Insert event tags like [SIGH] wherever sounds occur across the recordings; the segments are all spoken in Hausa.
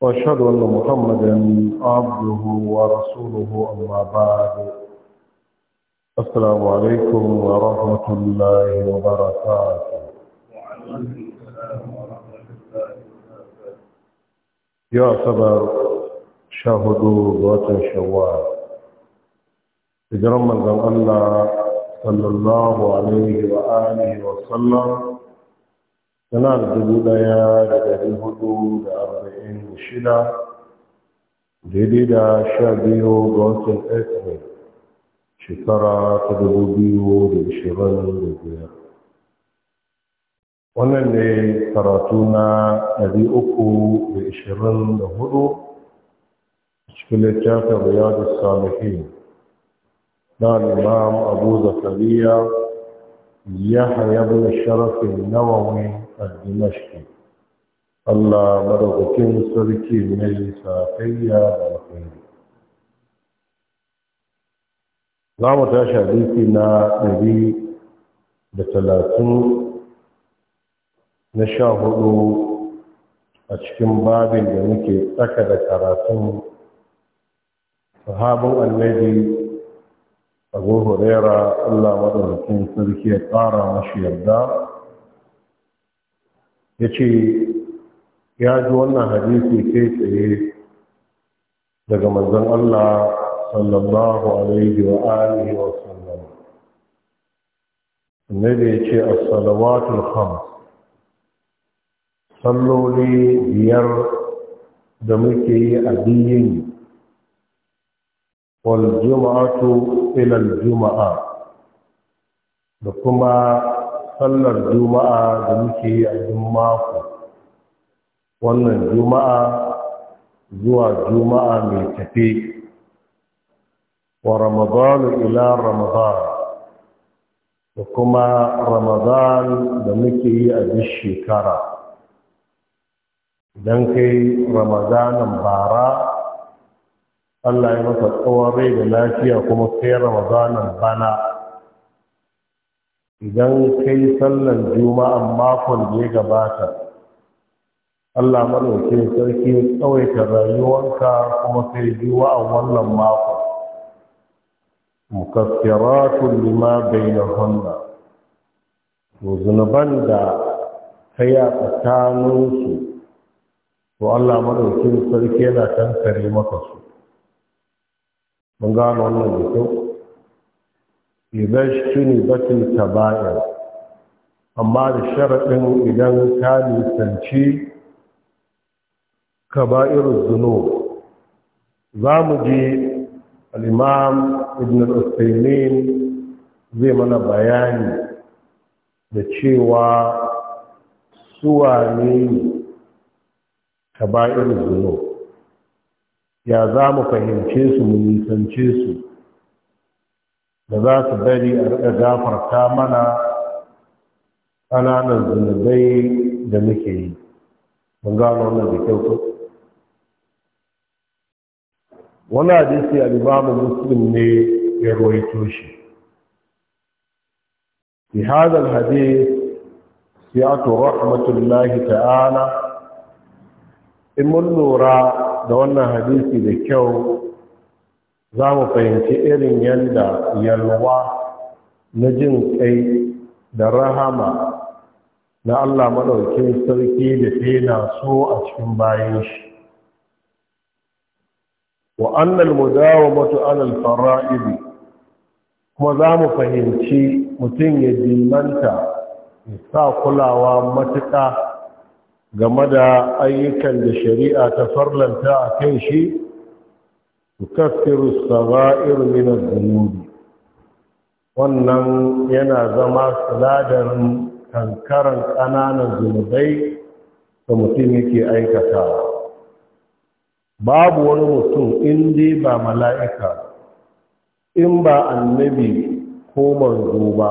وأشهد أن محمدا عبده ورسوله أما بعد السلام عليكم ورحمة الله وبركاته يا صبر شاهدوا ذات شوال إذا من الله صلى الله عليه وآله وسلم sanar dubu ɗaya da dari hudu da arba'in da shida daidai da sha biyu ga watan april shekara ta dubu biyu da ishirin da biyar wannan ne karatu na dari uku da ishirin da hudu cikin littafin riyadu salihi na limam abu zakariya yahya bin sharafin nawawi a allah madaukakin sarki mai safayya da alkhairi za mu tashi hadisi na ɗari da talatin na sha hudu a cikin babin da muke tsaka da karatun sahabin annabi abu huraira allah madaukakin sarki ya tsara mashi yarda ya ce ya ji wannan hadisi kai tsaye daga manzon Allah sallallahu alaihi wa alihi wa sallam da ya ce a salawatul khams salloli biyar da muke yi a biyin wal juma'atu ila juma'a da kuma sallar juma'a da muke yi a mako wannan juma'a zuwa juma'a mai tafe wa ramadanu ila ramadan da kuma ramadan da muke yi a duk shekara don kai ramadanin bara Allah ya masa tsawon rai da lafiya kuma kai ramadanin bana idan kai sallan juma'an makon da ya gabata Allah maɗauki sarki ya tsawaita rayuwanka kuma kai juma'an wannan mako bai lima bainahunna to zunuban da kai a tsakaninsu to Allah maɗaukin sarki yana kankare maka su mun gano wannan da kyau izashtuni batin tabayar amma da sharaɗin idan ka nisanci kaba'irun zuno za mu ji al'imam ibn al'usainin zai mana bayani da cewa suwa ne kaba'irun zuno ya za mu fahimce su mu nisance su da za su bari a riƙa gafarta mana ƙananan zunubai da muke yi mun gano wannan da kyau ko wani hadisi a limamin muslim ne ya ruwaito shi fi hadal hadis ya to rahmatullahi ta'ala in mun lura da wannan hadisi da kyau za mu fahimci irin yadda yalwa na jin kai da rahama na Allah maɗaukin sarki da na so a cikin bayan shi wa annal mudawamatu alal fara'idi kuma za mu fahimci mutum ya dimanta ya sa kulawa matuƙa game da ayyukan da shari'a ta farlanta a kan shi tukaffiru sagha'ir min adh wannan yana zama sinadarin kankaran ƙananan zunubai da mutum yake aikatawa babu wani mutum in dai ba mala'ika in ba annabi ko manzo ba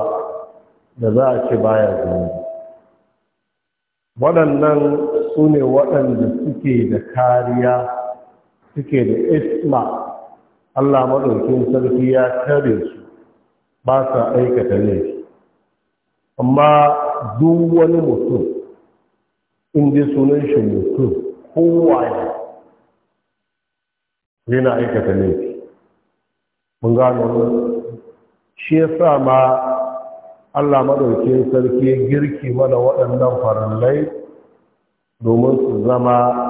da za a ci baya zunubi waɗannan su ne waɗanda suke da kariya suke da isma Allah maɗaukin sarki ya tare su ba sa aikata ne amma duk wani mutum inda sunan shi mutum kowaye yana aikata ne mun gano shi ya sa ma Allah maɗaukin sarki ya girki mana waɗannan farallai domin su zama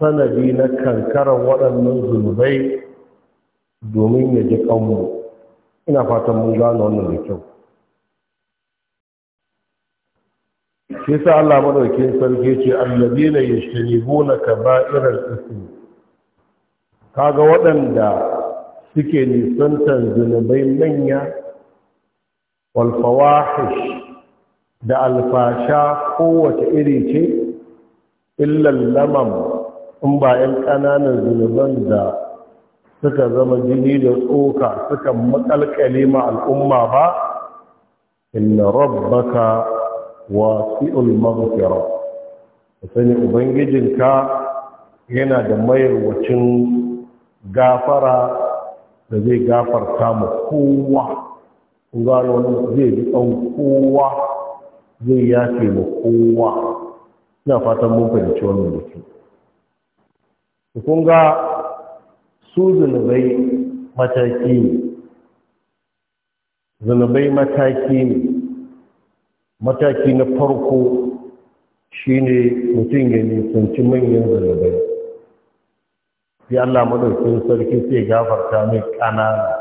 sanadi na kankaran waɗannan zunubai domin ya ji kanmu ina fatan mun gano wannan da kyau shi sa Allah madaukakin sarki ce ne allazina yajtanibuna kaba'iral ism kaga waɗanda suke nisantar zunubai manya walfawahish da alfasha kowace iri ce illal lamam in ba 'yan ƙananan zunuban da suka zama jini da tsoka suka makalkale ma al'umma ba inna rabbaka wasi'ul maghfira sani ubangijinka yana da mayarwacin gafara da zai gafarta mu kowa wani zai bi ɗan kowa zai yafe mu kowa ina fatan mun fahimci wannan mutum kun su zunubai mataki ne zunubai mataki ne mataki na farko shine mutum ya nisanci manyan zunubai fi Allah madaukin sarki sai gafarta mai ƙanana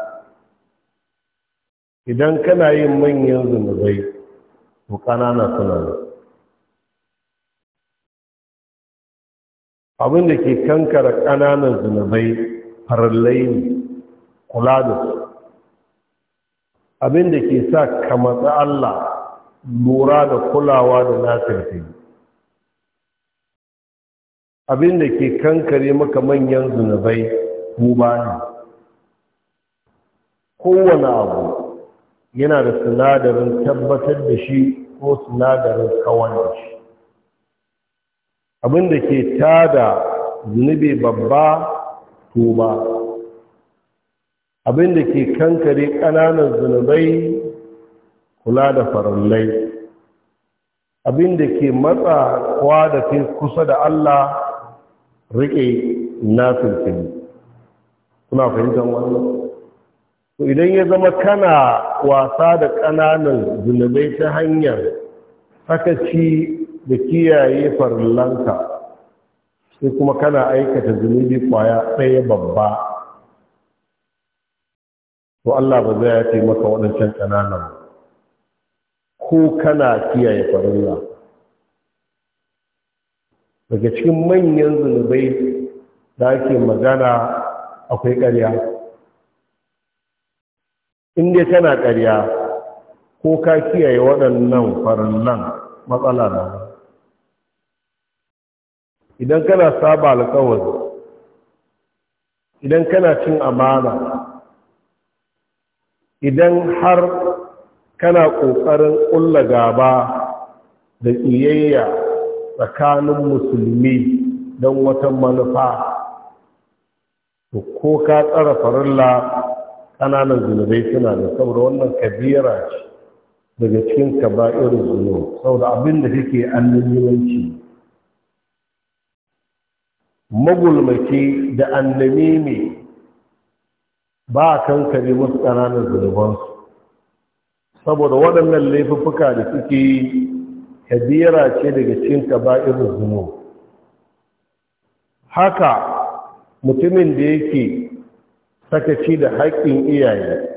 idan kana yin manyan zunubai to ƙanana suna abin da ke kankara ƙananan zunubai farallai ne kula da su abin da ke sa ka Allah lura da kulawa da nasirfi abin da ke kankare maka manyan zunubai ba ne kowane abu yana da sinadarin tabbatar da shi ko sinadarin kawar da shi abinda ke tada zunubi babba tuba abinda ke kankare ƙananan zunubai kula da farallai abinda ke matsa kwa da ke kusa da Allah riƙe nafilfili kuna fahimtar wannan to idan ya zama kana wasa da ƙananan zunubai ta hanyar sakaci da kiyaye farlanka sai kuma kana aikata zunubi kwaya ɗaya babba to Allah ba zai yafe maka waɗancan ƙananan ko kana kiyaye farilla daga cikin manyan zunubai da ake magana akwai ƙarya inda kana ƙarya ko ka kiyaye waɗannan farillan matsala na idan kana saba alƙawari idan kana cin amana idan har kana ƙoƙarin ƙulla gaba da ƙiyayya tsakanin musulmi don wata manufa to ko ka tsara farilla ƙananan zunubai suna da saboda wannan kabira ce daga cikin irin zunubai saboda abin da kake annin yawanci Magulmaki da annami ne ba a kankare masu ƙananan zunubansu saboda waɗannan laifuka da suke kabira ce daga ba irin zunub haka mutumin da yake sakaci da haƙƙin iyaye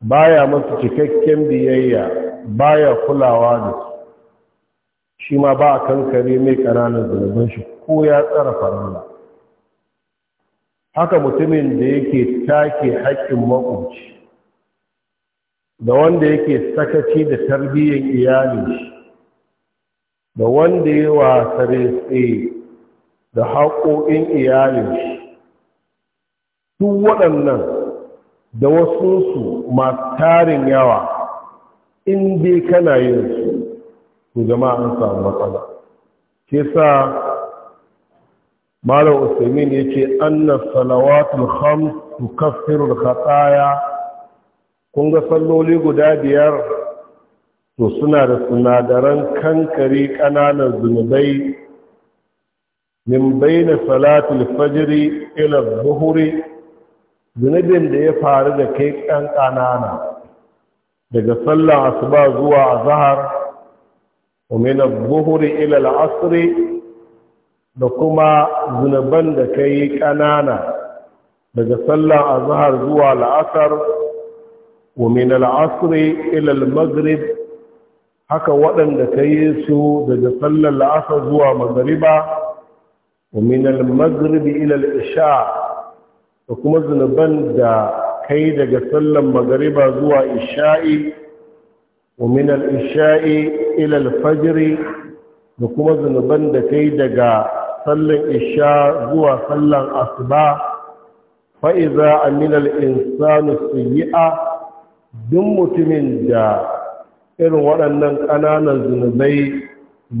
baya masu cikakken biyayya baya kulawa da su shi ma ba a kankare mai ƙananan zunuban shi ko ya tsara farilla haka mutumin da yake take haƙƙin makwabci da wanda yake sakaci da tarbiyyar iyalin shi da wanda ya wasare tsaye da haƙoƙin iyalin shi duk waɗannan da wasunsu masu tarin yawa in dai kana yin su su jama'a an samu matsala ke sa malam usaimin ya ce anna salawatul khams tukaffiru al-khataya kun ga salloli guda biyar to suna da sinadaran kankare ƙananan zunubai min bayna salatul fajiri ila zuhuri zunubin da ya faru da kai ƙan ƙanana daga sallar asuba zuwa zahar wa min ilal asiri. da kuma zunuban da ka yi ƙanana daga sallar azhar zuwa la'asar wa min al'asri ilal al haka waɗanda ka yi su daga sallar la'asar zuwa magriba wa min al-maghrib ila isha da kuma zunuban da kai daga sallar magriba zuwa isha'i wa al-isha'i ilal fajiri, da kuma zunuban da kai daga sallan isha zuwa sallan asuba fa'iza aminal insanu suyi'a duk mutumin da irin waɗannan ƙananan zunubai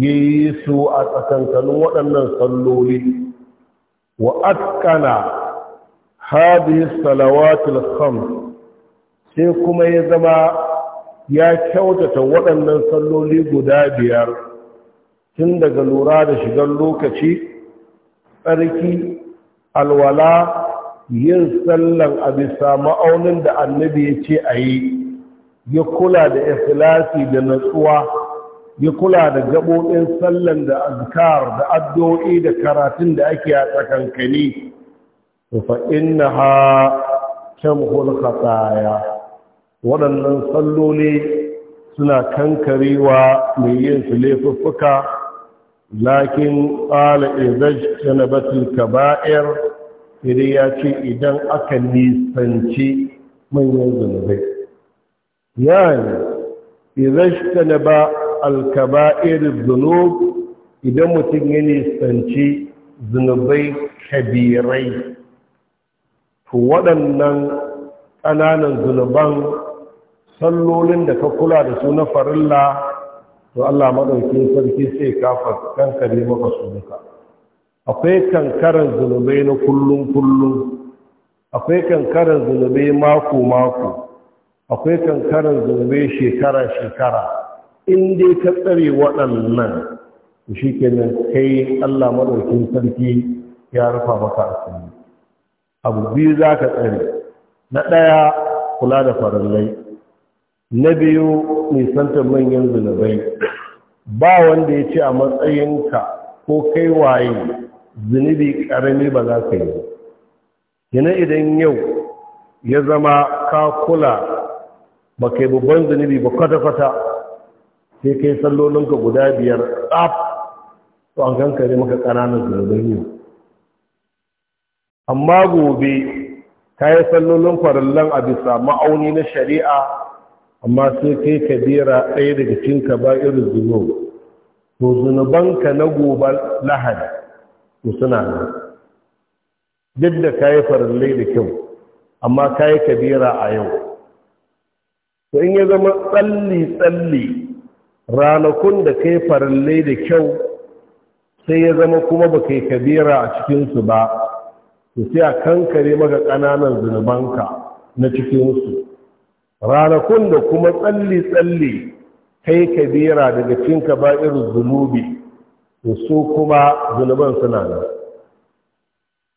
ya yi su a tsakankanin waɗannan salloli wa atkana hadis salawatul khams sai kuma ya zama ya kyautata waɗannan salloli guda biyar tun daga lura da shigar lokaci tsarki alwala yin sallan a bisa ma'aunin da annabi ya ce a yi ya kula da ikhlasi da natsuwa ya kula da gaɓoɓin sallan da azkar da addu'o'i da karatun da ake a tsakankani fa inna ha tamhul khataya waɗannan salloli suna kankarewa mai yin su lakin ƙala izaj janabatul kaba'ir sai ya ce idan aka nisanci manyan zunubai yani izaj ba alkaba'ir zunub idan mutum ya nisanci zunubai kabirai to waɗannan ƙananan zunuban sallolin da ka kula da su na farilla to Allah madauke sarki sai ka kankare maka sunuka akwai kankaran zunubai na kullum kullum akwai kankaran zunubai mako mako akwai kankaran zunubai shekara shekara in dai ka tsare waɗannan to shikenan kai Allah maɗaukin sarki ya rufa maka asiri abu biyu zaka tsare na ɗaya kula da farallai na biyu nisantar manyan zunubai ba wanda ya ce a matsayinka ko kai waye zunubi karami ba za ka yi yana idan yau ya zama ka kula ba kai babban zunubi ba kwata-kwata sai kai sallolinka guda biyar tsaf to an kankare maka ƙananan zunubai yau amma gobe ka yi sallolin farallan a bisa ma'auni na shari'a amma sai kai kabira ɗaya daga ba irin zunub to zunubanka na gobe lahadi to suna nan duk da ka yi farallai da kyau amma ka kayi kabira a yau to in ya zama tsalli tsalli ranakun da yi farallai da kyau sai ya zama kuma ba yi kabira a cikinsu ba to sai a kankare maka ƙananan zunubanka na cikinsu ranakun da kuma tsalli-tsalli kai kabira daga cinka irin zunubi da su kuma zunuban suna da?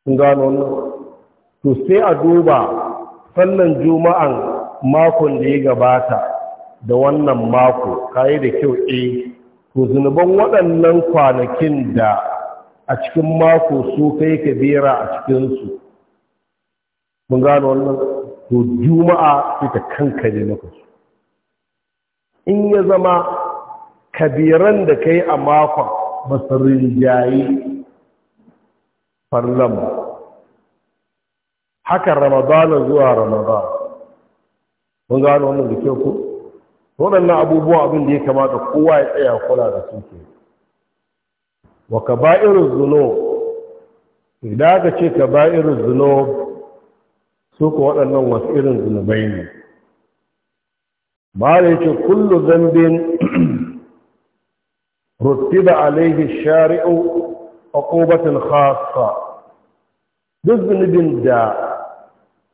sun gano nan to sai a duba sannan juma'an makon da ya gabata da wannan mako kayi da kyau e to zunuban waɗannan kwanakin da a cikin mako su kai kabira a cikinsu mun gano wannan to juma'a sai ta kankare maka su in ya zama kabiran da ka yi a makon masarin jayi farlan haka ramadana zuwa ramadana mun gano wannan da ke ku waɗannan abubuwa abin da ya kamata kowa ya tsaya kula da su ke wa ka ba'irin zuno idan aka ce ka ba'irin zuno su ko waɗannan wasu irin zunubai ne ba da yake kullu zambin [CLEARS THROAT] ruttiba alaihi shari'u ƙobatin khassa duk zunubin da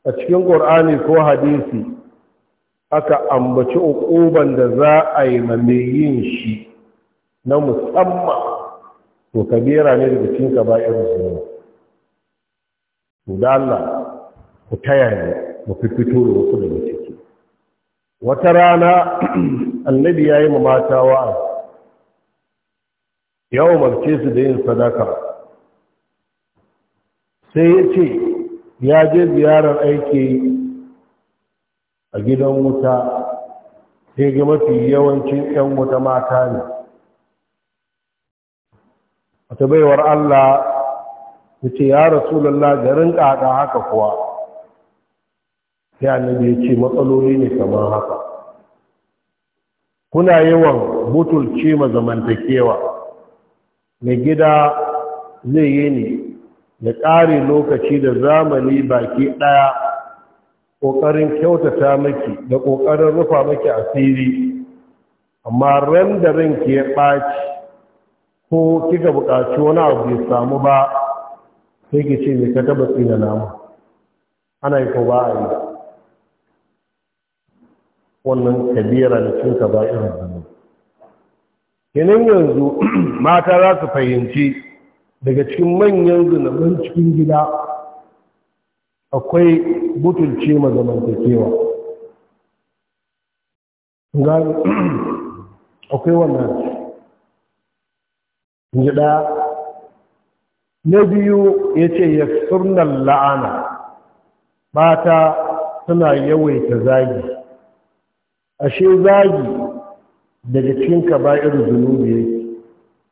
a cikin ƙur'ani ko hadisi aka ambaci ƙoban da za a yi yin shi na musamman to kabera ne daga cinka ba irin to da Allah ku taya yaya mu fito da wasu daga ciki wata rana [CLEARS THROAT] annabi ya yi mata wa ya umarce su da yin sadaka sai ya ce ya je ziyarar aiki a gidan wuta sai ga mafi yawancin 'yan wuta mata ne a baiwar Allah ya ce ya rasu lalla garin ƙaƙa haka kuwa sai annabi ya ce matsaloli ne kamar haka kuna yawan mutulci ma zamantakewa mai gida zai yi ne da ƙari lokaci da zamani baki ɗaya ƙoƙarin kyautata maki da ƙoƙarin rufa maki asiri amma ran da ran ya ɓaci ko kika buƙaci wani abu bai samu ba sai ki ce mai ka taɓa tsina namu ana yi ko a yi wannan kabira da cin kaba'irin zama kinan yanzu [CLEARS THROAT] mata za su fahimci daga cikin manyan zunuban cikin gida akwai butulce mazamantakewa [CLEARS THROAT] akwai wannan gida na biyu ya ce ya surnan la'ana mata suna yawaita zagi ashe zagi daga cikin kaba'ir zunubi yake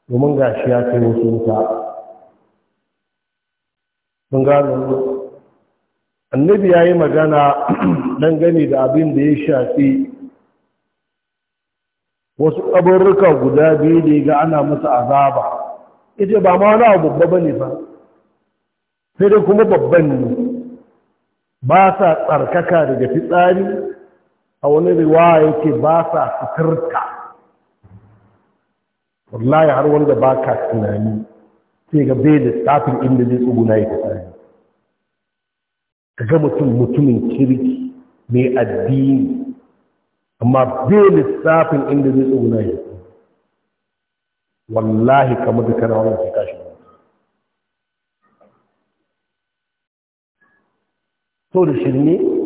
domin gashi ya kai wasu wuta sun gano annabi ya yi magana [CLEARS THROAT] dangane da abin da ya shafi wasu ƙabarruka guda biyu da ga ana masa azaba ita ba ma wani abu babba ne ba sai dai kuma babban ne ba sa tsarkaka daga fitsari a wani riwaya yake ba sa fitarka wallahi har wanda ba ka tunani sai ga bai da tsafin inda zai tsuguna ya tsari ka ga mutum mutumin kirki mai addini amma bai lissafin inda zai tsuguna ya wallahi kamar da kana wani sai kashi so da shirme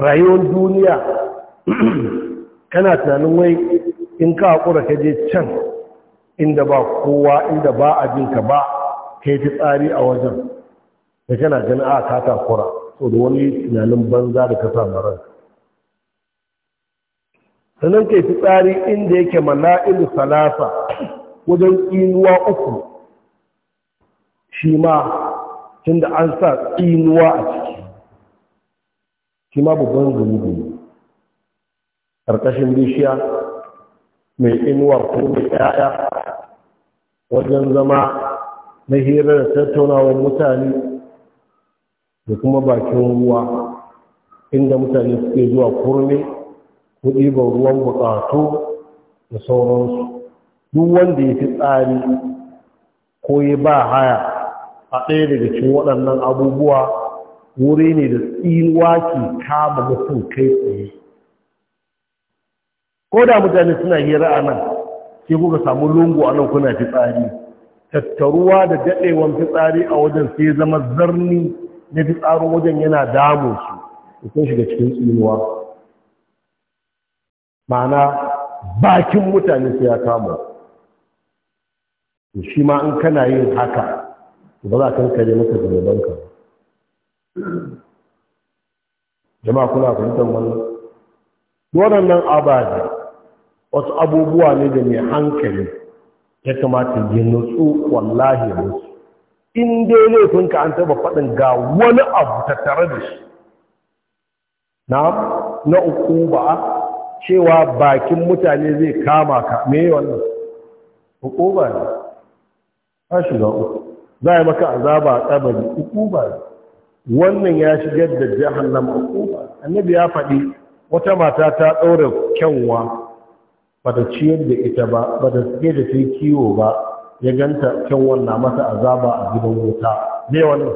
rayuwar duniya kana tunanin wai in ka haƙura ka je can inda ba kowa inda ba abinka ba ka yi tsari a wajen da kana gani a ka takura so da wani tunanin banza da ka samu sannan ka yi tsari inda yake mala'ilu salasa wajen inuwa uku shi ma tun da an sa inuwa a ciki shi ma babban zunubi ne ƙarƙashin bishiya mai inuwa ko mai ƙaya wajen zama na hira da tattaunawar mutane da kuma bakin ruwa inda mutane suke zuwa kurme, kuɗi ga ruwan buƙatu da sauransu duk wanda ya fi tsari ko ya ba haya a ɗaya daga cikin waɗannan abubuwa wuri ne da tsinuwa ke kama mutum kai tsaye ko da mutane suna hira a nan sai kuka samu lungu a nan kuna fitsari tattaruwa da daɗewan fitsari a wajen sai zama zarni na fitsarin wajen yana damu su sun shiga cikin tsinuwa ma'ana bakin mutane sai ya kama shi ma in kana yin haka ba za ka kare maka zanubanka banka. jama'a kuna fahimtar wannan waɗannan ababe wasu abubuwa ne da mai hankali ya kamata ya nutsu wallahi musu in dai laifinka an taba faɗin ga wani abu tattare da shi na na uku ba cewa bakin mutane zai kama ka me wannan hukuma ne ta shiga uku za a yi maka azaba a tsabari hukuma ne wannan ya shigar da jahannama uquba annabi ya faɗi wata mata ta ɗaura kyanwa ba ta ciyar da ita ba ba ta suke da sai kiwo ba ya ganta kyanwan na masa azaba a gidan wuta me wannan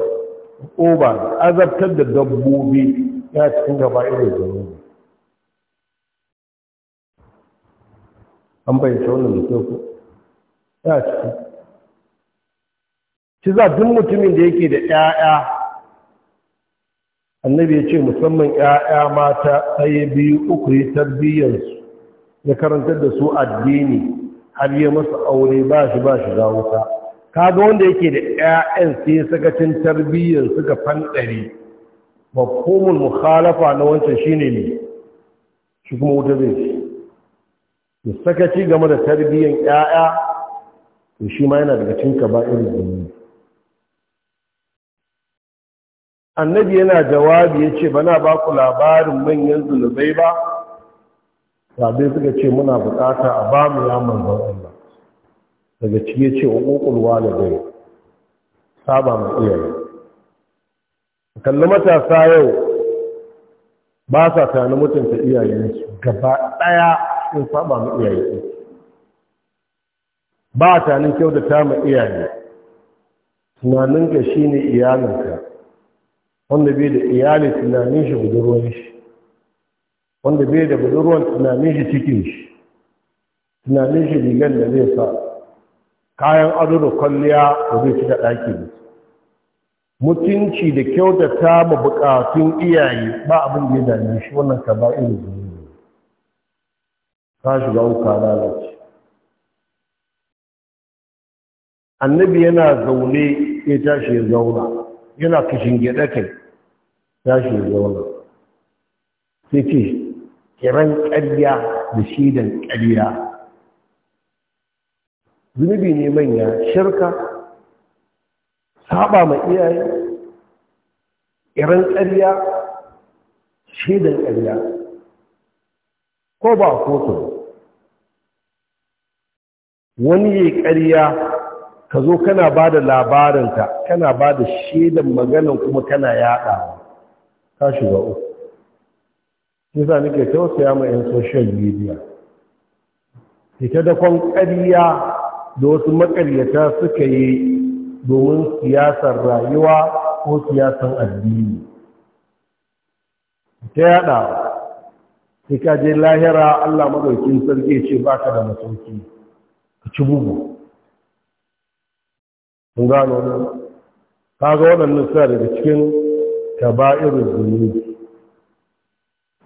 ƙoba azabtar da dabbobi ya cikin gaba irin zunubi an bayyana wannan da ku ya cikin ci za duk mutumin da yake da ƴaƴa. annabi ya ce musamman 'ya'ya mata tsaye biyu uku yi tarbiyyarsu ya karantar da su addini har yi masa aure ba shi ba shi za wuta kaga wanda yake da 'ya'yan sai sakacin tarbiyyar suka fanɗari mafhumul mukhalafa na wancan shine ne shi kuma wuta zai ci sakaci game da tarbiyyan 'ya'ya to shi ma yana daga cin ka ba irin annabi yana jawabi ya ce bana ba ku labarin manyan zunubai ba sabai suka ce muna bukata a ba mu ya manzan Allah daga ciki ce wa ƙoƙulwa da bai saba mu iyaye kalli matasa yau ba sa tani mutunta iyayensu gaba ɗaya sun saba mu su. ba tanin ta mu iyaye tunaninka shine iyalinka wanda bai da iyali tunanin shi budurwan shi wanda bai da budurwan tunanin shi cikin shi tunanin shi rigar da zai sa kayan ado da kwalliya da zai da ɗaki ne mutunci da kyautata ma buƙatun iyaye ba abin da ya dame shi wannan ka ba irin zuwa ka shiga uka lalace annabi yana zaune ya tashi ya zauna yana kishin gyaɗa kai ya shi zauna sai ce kiran ƙarya da shidan ƙarya zunubi ne manya shirka saba ma iyaye kiran ƙarya shidan ƙarya ko ba kotu wani ya ƙarya ka zo kana ba da labarinka kana ba da shaidan maganan kuma kana yaɗawa ka shiga uku shi za nake tausaya ma 'yan social media ita da kwan ƙarya da wasu maƙaryata suka yi domin siyasar rayuwa ko siyasar addini ta yada sai ka je lahira allah maɗaukin sarki ce ba ka da masauki ka ci bugu mun gano ne ga waɗannan suna daga cikin kaba'irin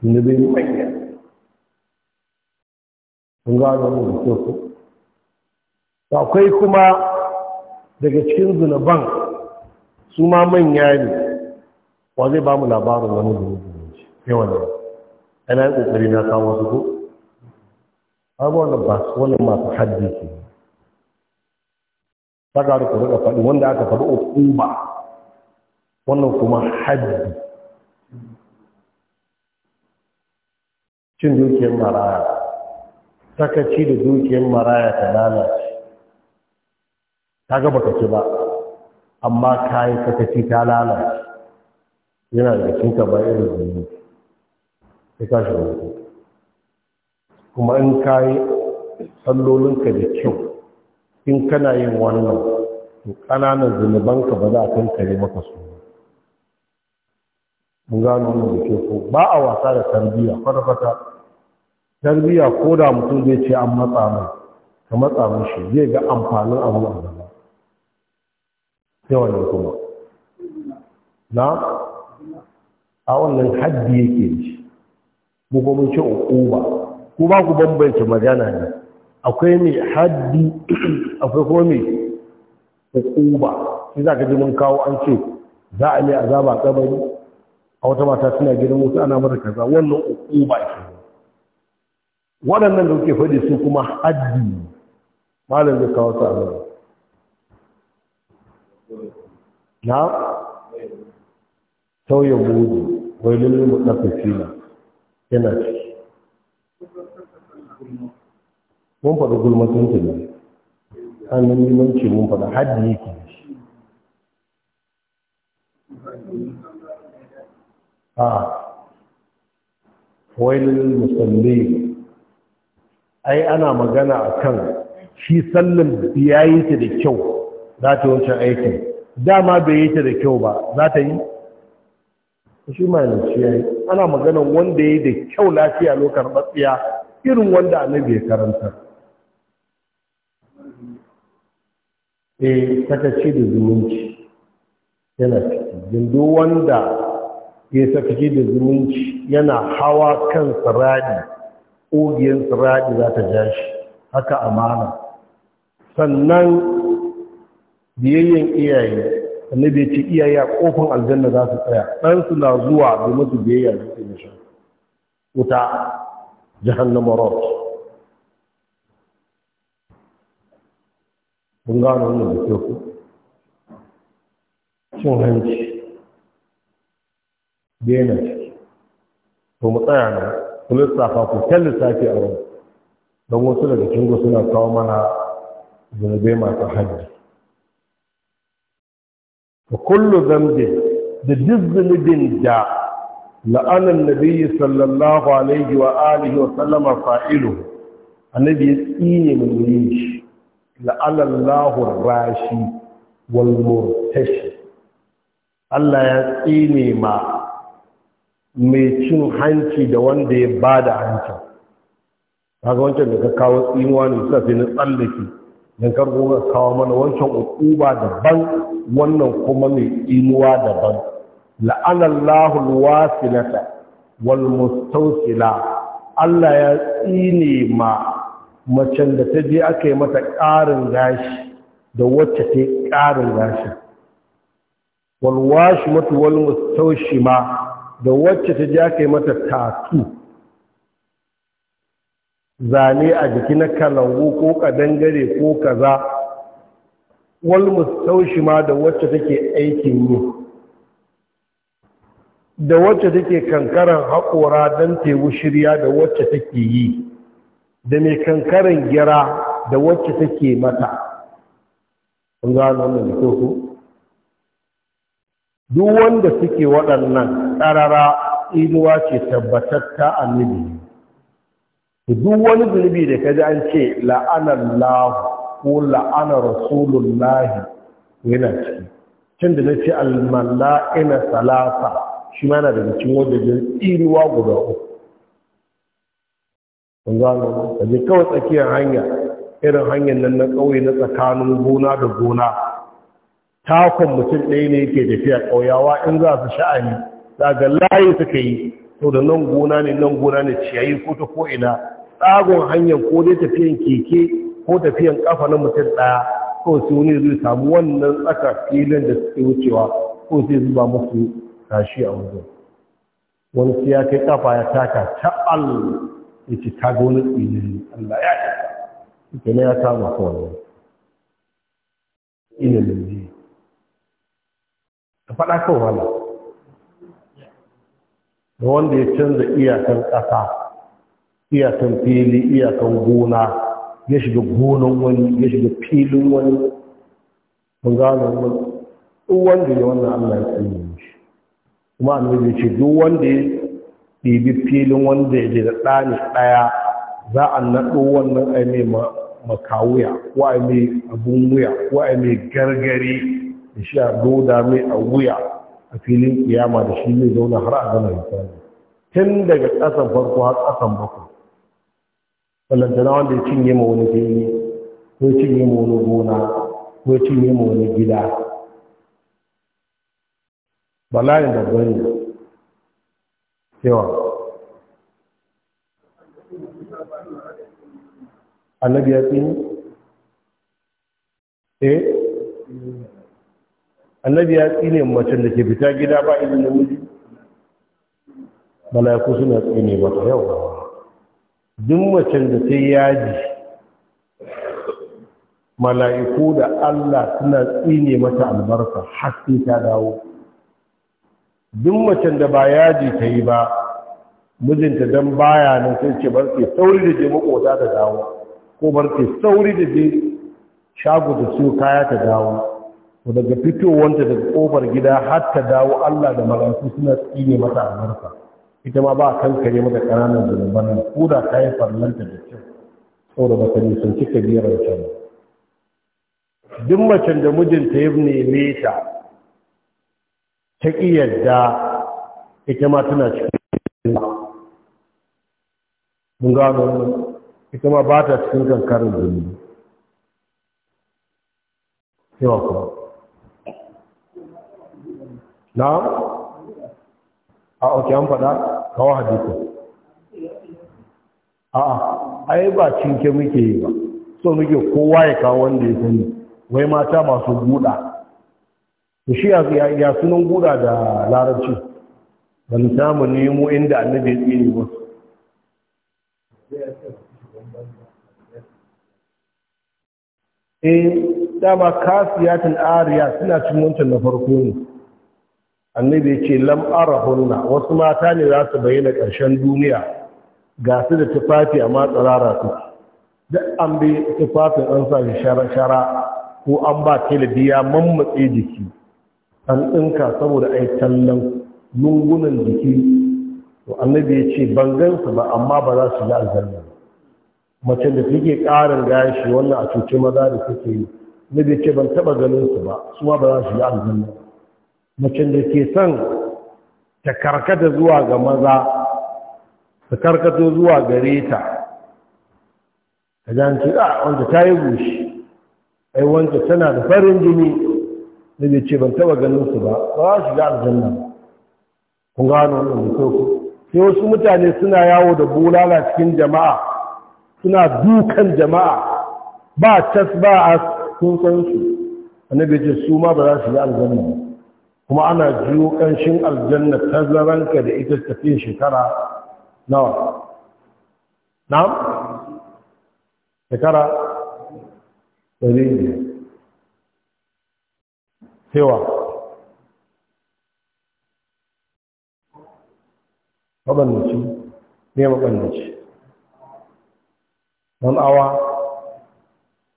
inda zai manya mun gano ne da kyau akwai kuma daga cikin zunuban su ma manya ne wa zai ba mu labarin wani zunubi ne sai wannan ana yi ƙoƙari na kawo su ko abubuwan da ba su wani masu haddi ke saka da ku rika faɗi wanda aka faɗi ukuba wannan kuma haddi cin dukiyar maraya takaci da dukiyar maraya ta lalace ta ga baka ci ba amma kayi takaci ta lalace yana da cin ka bayan da zuwa sai ka shi kuma in kayi sallolinka da kyau in kana yin wannan to ƙananan zunubanka ba za a kankare maka su mun gano wannan da ke ko ba a wasa da tarbiyya kwata-kwata tarbiyya ko da mutum zai ce an matsa mai ka matsa mashi zai ga amfanin abu a gaba yawan kuma na a wannan haddi yake ji mu kuma ce uku ba ku ba ku bambance magana ne akwai mai haddi akwai kuma mai hukuba sai za ka ji mun kawo an ce za a a azaba kabari a wata mata suna gidan wasu ana mata kaza wannan hukuma ke waɗannan da kuke faɗi su kuma haddi malam zai kawo su a nan na sauya gudu wai lullun mutafi yana ciki mun faɗi an nan hannun limanci mun faɗa haddi yake da shi a wailin musalli ai ana magana a kan shi sallin ya yi ta da kyau za ta wancan aikin dama bai yi ta da kyau ba za ta yi shi malinci ya yi ana magana wanda ya yi da kyau lafiya lokar batsiya irin wanda annabi ya karanta eh sakaci da zumunci yana cikin wanda ya sakaci da zumunci yana hawa kan tsirani ƙogiyar tsirani za ta ja shi haka amana sannan biyayyen iyaye bai ce iyaye a ƙofin aljanna za su tsaya ɗansu na zuwa domin su biyayya da su wuta jahannama rot kun gano wannan da ke ku cin hanci daina ciki to mu tsaya na ku lissafa ku ta lissafi a wani don wasu daga cingo suna kawo mana zunubai masu hajji Ka kullu zambi da duk zunubin da la'anan nabiyyi sallallahu alaihi wa alihi wa sallama fa'ilu annabi ya tsine mun yi shi la'alallahu rashi wal Allah ya tsine ma mai cin hanci da wanda ya ba da hanci kaga wancan da ka kawo tsinuwa ne suna sai na tsallake don karko ga kawo mana wancan ukuba daban wannan kuma mai tsinuwa daban la'alallahu alwasilata wal mustawsila Allah ya tsine ma macen da ta je aka yi mata ƙarin gashi da wacce ta yi ƙarin gashi walwashi mata walmustaushi ma da wacce ta je aka yi mata tatu zane a jiki na kalangu ko kadangare ko kaza taushi ma da wacce take aikin yi da wacce take kankaran haƙora don tewu shirya da wacce take yi da mai kankaran gira da wacce take mata an gano wannan da kyau duk wanda suke waɗannan ƙarara inuwa ce tabbatatta annabi duk wani zunubi da kaji an ce la'anar lahu ko la'anar rasulullahi yana ciki can da na ce ina salasa shi ma yana daga cikin wajen inuwa guda uku kun gano kawai tsakiyar hanya irin hanyar nan na ƙauye na tsakanin gona da gona takon mutum ɗaya ne yake tafiya ƙauyawa in za su sha'ani daga layi suka yi to da nan gona ne nan gona ne ciyayi ko ta ko tsagon hanyar ko dai tafiyan keke ko tafiyan kafa na mutum ɗaya ko su wani zai samu wannan tsaka filin da suke wucewa ko sai zuba musu tashi a wajen wani sai ya kai kafa ya taka ta'al yake ce wani tsinin Allah ya ce ita na ya kama ka wannan ina ne ka faɗa kan wani da wanda ya canza iyakan ƙasa iyakan fili iyakan gona ya shiga gonan wani ya shiga filin wani mun gano wani wanda ya wannan Allah ya tsaye kuma annabi ya ce duk wanda ya ɗibi filin wanda yake da ɗani ɗaya za a naɗo wannan ai makawuya ko ai mai abun wuya ko ai mai gargari da shi a doda mai a wuya a filin kiyama da shi mai zauna har a gana hisabi tun daga ƙasan farko har ƙasan bakwai ɓalantana wanda ya cinye ma wani fili ko ya cinye ma wani gona ko ya cinye ma wani gida bala'in da bane yawa annabi ya tsini eh annabi ya tsine macen da ke fita gida ba izinin namiji mala'iku suna tsine mata yawa duk macen da ta yaji mala'iku da Allah suna tsine mata albarka haske ta dawo duk macen da ba yaji ta yi ba mijinta don baya nan sai ce bar ke sauri da je makota ta dawo ko bar sauri da je shago da su kaya ta dawo ko daga fitowanta daga kofar gida har ta dawo Allah da mala'iku suna tsine mata albarka ita ma ba kankare mata ƙananan zunuban nan ko da kayan farlanta da kyau saboda ba ta nisanci kabirar can duk macen da mijinta ya neme ta ta ƙi yadda ita ma tana cikin mun gano ita ma ba ta cikin kankarin zunubi yawa kuma na a oke an fada kawo hadita a a ai ba cinke muke yi ba so muke kowa ya kawo wanda ya sani wai mata masu buɗa da shi ya sunan gura da larabci ban samu nemo inda annabi ya tsine ba eh dama cin ariya suna cin wancan na farko ne annabi ya ce lam arahunna wasu mata ne za su bayyana ƙarshen duniya ga su da tufafi a tsirara su duk an bi tufafin an sa shi shara ko an ba tele biya mammatse jiki an ɗinka saboda a yi tallan lungunan jiki to annabi ya ce ban ba amma ba za su ga aljanna mace da suke ƙarin gashi wannan a cuce maza da suke yi na ya ce ban taɓa ganin su ba su ma ba za su ga aljanna mace da ke son ta karkata zuwa ga maza ta karkata zuwa gare ta ta ce a ah, wanda ta yi gushi ai wanda tana da farin jini nabi ce ban taba ganin su ba ba za su shiga aljanna kun gano wannan da ku sai wasu mutane suna yawo da bulala cikin jama'a suna dukan jama'a ba tas ba a sun san su annabi ce su ma ba za su shiga aljanna ba kuma ana jiyo kanshin aljanna tazaranka da ita tafiyin shekara nawa na'am shekara ɗari biyar hewa mabannaci ne mabannaci don awa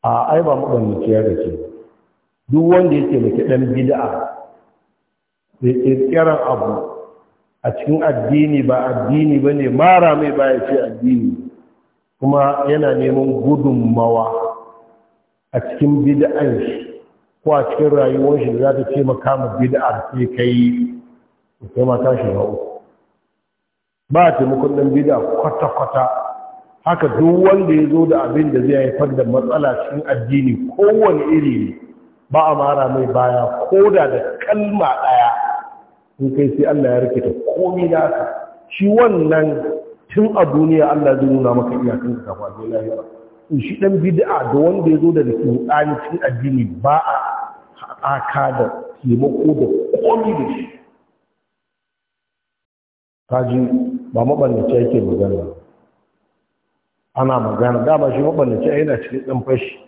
a ai ba mabannaci ya gaji. duk wanda ya taimaki ɗan bid'a da ƙirƙirar abu a cikin addini ba addini ba ne mara mai baya ce addini kuma yana neman gudunmawa a cikin bid'an shi ko a cikin rayuwar shi za ta taimaka ma bid'ar sai kai sai ma ba uku ba taimakon biyu bid'a kwata kwata haka duk wanda ya zo da abin da zai haifar da matsala cikin addini kowane iri ne ba a mara mai baya ko da da kalma ɗaya in kai sai Allah ya rikita komi naka shi wannan tun a duniya Allah zai nuna maka iyakan ka kafa da lahira in shi dan bid'a da wanda ya zo da rikin cikin addini ba a aka da taimako da komi da shi ji ba mabannaci yake magana ana magana dama shi mabannaci yana cikin ɗan fashi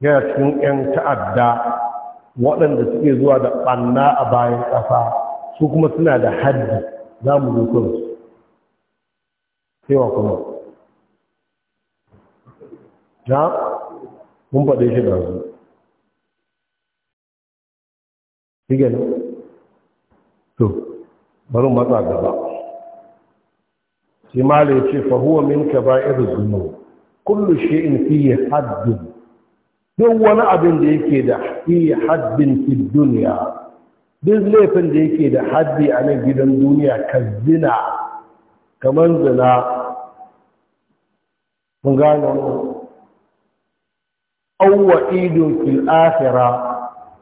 yana cikin 'yan ta'adda waɗanda suke zuwa da ɓanna a bayan ƙasa su kuma suna da haddi za mu zo kansu cewa kuma ja mun faɗe shi da zuwa shige ne to bari matsa gaba shi mala ya ce fahuwa min ka ba iri zuno kullu fi fiye haddin duk wani abin da yake da fiye haddin fi duniya duk laifin da yake da haddi a nan gidan duniya ka zina kamar zina mun gane mu auwa ido fil'afira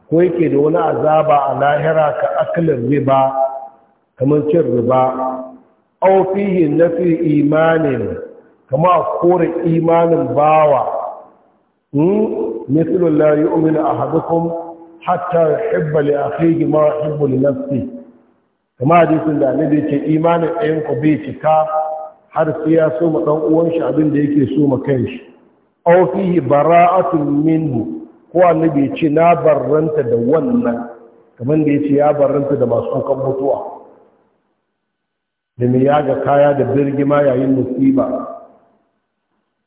ko yake da wani azaba a lahira ka akalin riba kamar cin riba au fihi nafi imanin kama a kore imanin bawa hmm? misalun la yu'minu ahadukum hatta yuhibba li akhihi ma yuhibbu li nafsihi kama hadisin da annabi yake imanin ɗayan ku bai cika har sai ya so ma dan uwan shi abin da yake so ma kanshi aw fihi bara'atun minhu ko annabi ya ce na barranta da wannan kamar da ya ce ya barranta da masu kukan mutuwa da mai yaga kaya da birgima yayin musiba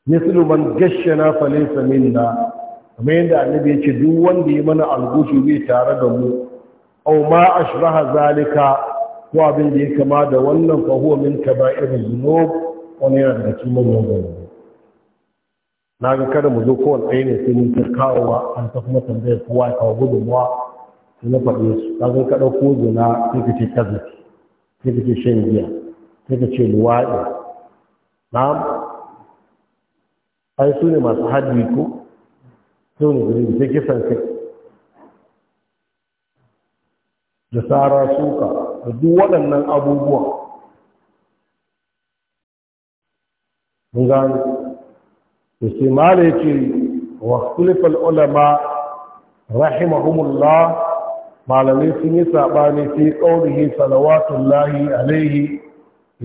mislu man na falesa min na, kamar yadda annabi ya ce duk wanda ya mana algushi zai tare da mu au ma ashbaha zalika ko abin da ya kama da wannan fa huwa min kaba'ir wani yana da cikin manyan na ga kada mu zo kowane ɗaya ne sai mun ta kawowa an ta kuma tambayar kowa ya kawo gudunmuwa sai na faɗi su Na ga ka ɗauko zina sai ka ce kazafi sai ka ce shan giya sai ka ce luwaɗi na ai su ne masu haddi ko su ne zunubi sai kisan kai da tsara suka da duk waɗannan abubuwa mun gano استعمال کی وختلف العلماء رحمهم الله معلمی سنی صحبانی فی قوله صلوات الله علیه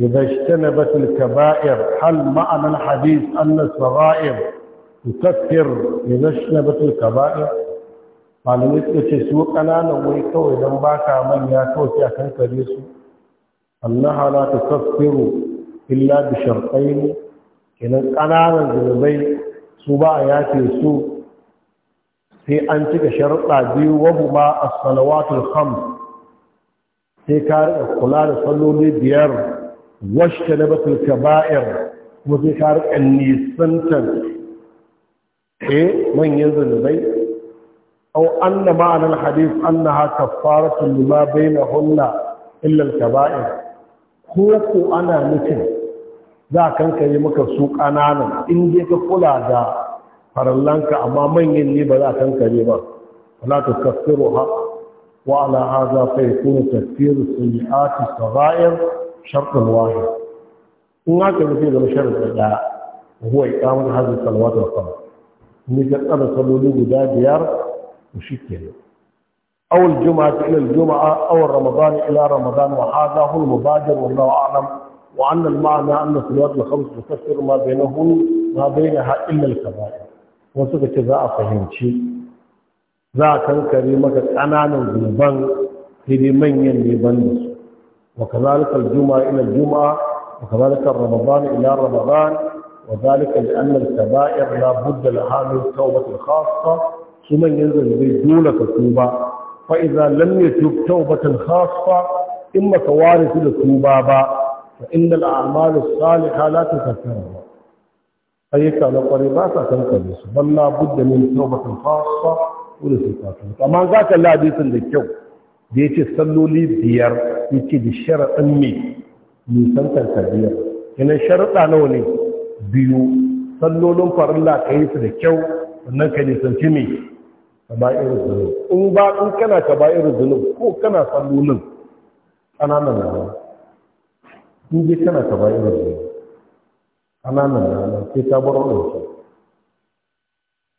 اذا اجتنبت الكبائر هل معنى الحديث ان الصغائر تكثر اذا اجتنبت الكبائر معلمی سنی سو قنان ویتو اذا مباکا من یاتو سیا کن کریسو انها لا تكثر الا بشرطين kenan ƙananan zunubai su ba a yafe su sai an cika sharuɗa biyu wahu ma a salawatul ham sai ka riƙa kula da salloli biyar washta na batul kaba'ir kuma sai ka riƙa nisantar eh manyan zunubai au anna ma'anar hadith annaha kafaratun lima bainahunna illa al-kaba'ir ko ko ana nufin za kan ka yi maka su ƙananan in je ka kula da farallanka amma manyan ne ba za kan ka ne ba wala ta kafiru ha wa ala haza fa yakunu tafsiru sayyi'ati sagair shartun wahid in haka ne sai da sharadin da huwa iqamatu hadhihi salawatu wa salat ni ga tsara saloli guda biyar to shikenan أو الجمعة إلى الجمعة أو رمضان إلى رمضان وهذا هو المبادر والله أعلم وأن المعنى أن الصلوات الخمس تفسر ما بينهن ما بينها إلا الكبائر وسوف كذا فهمتي ذاك كريمة أنا نزلبان كريمين يلبان وكذلك الجمعة إلى الجمعة وكذلك رمضان إلى رمضان وذلك لأن الكبائر لا بد لها من التوبة الخاصة ثم ينزل به دون توبة فإذا لم يتوب توبة خاصة إما كوارث للتوبة فإن الأعمال الصالحة لا تذكرها أيك على قريبات تنقلس بل لا بد من توبة خاصة ولسكات كما ذاك الله اللي تنذكو دي تصلوا لي بيار يتي دي شرط أمي نيسان سنة إن الشرط أنوني بيو صلوا لهم فر الله كيف دي ذكو sannan ka nisanci mai kaba'ir إن in كنا in kana كو كنا ko لهم أنا من الله in je kana ka bayi da zai ƙananan nan sai ta baro da su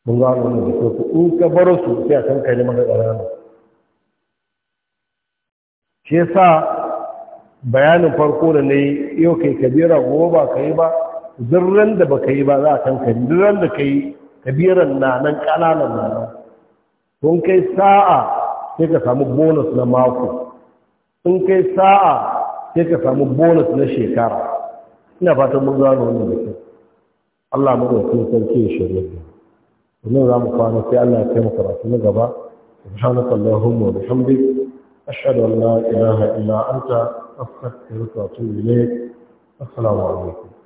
mun wani wani da kyau in ka baro su sai a san kai mana ƙanana shi sa bayanin farko da na yi yau kai kabira gobe ba ka yi ba zirran da ba ka yi ba za a kan kai zirran da ka yi kabiran na nan ƙananan na nan kun kai sa'a sai ka samu bonus na mako in kai sa'a sai ka samu bonus na shekara ina fatan mun gano wannan da kyau Allah madaukakin sarki ya shirya da wannan za mu kwana sai Allah ya kai mu karatu na gaba subhanaka allahumma wa bihamdik ashhadu an la ilaha illa anta astaghfiruka wa atubu ilayk assalamu alaikum